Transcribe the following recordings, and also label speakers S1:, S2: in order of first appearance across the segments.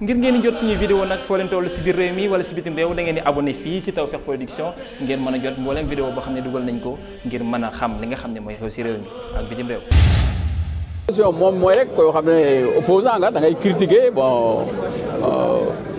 S1: ngir ngeen di jot suñu vidéo nag foo leen toll si biir réew mi wala si bitim réew da ngeen di abonné fii si Tawfekh Production ngeen mën a jot mbooleem vidéo boo xam ne dugal nañ ko ngir mën a xam li nga xam ne mooy xew si réew mi ak bitim
S2: réew moom mooy rek koo xam ne opposant nga dangay ngay critiquer bon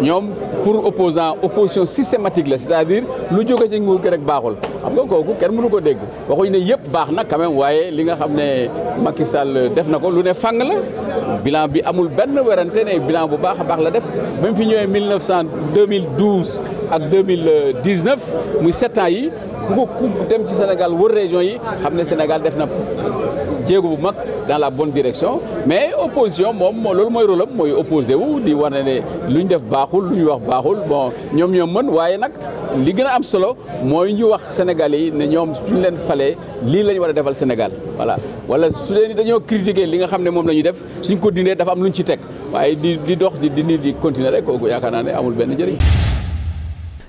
S2: ñoom pour opposant opposition systématique la c'est-à-dire lu jóge ci nguur gi rek baaxul xam nga kooku kenn mënu ko dégg waxuñu ne yëpp baax na quand waaye li nga xam ne Macky Sall def na ko lu ne fàng la bilan bi amul benn werante ne bilan bu baax a baax la def ba mu fi ñëwee 1900 2012 ak 2019 muy sept ans yi ku ko ku dem ci Sénégal wër région yi xam ne Sénégal def na jéego bu mag dans la bonne direction mais opposition moom loolu mooy rôle mooy opposé wu di war ne ne lu ñu def baaxul lu wax baaxul bon ñoom ñoom mën waaye nag li gën a am solo mooy ñu wax Sénégal yi ne ñoom suñu leen falee lii la ñu war a defal Sénégal voilà wala su dee ni dañoo li nga ne moom la ñu def suñ ko dafa am lu ñu ci teg waaye di di dox di di continuer rek kooku yaakaar naa ne amul benn njëriñ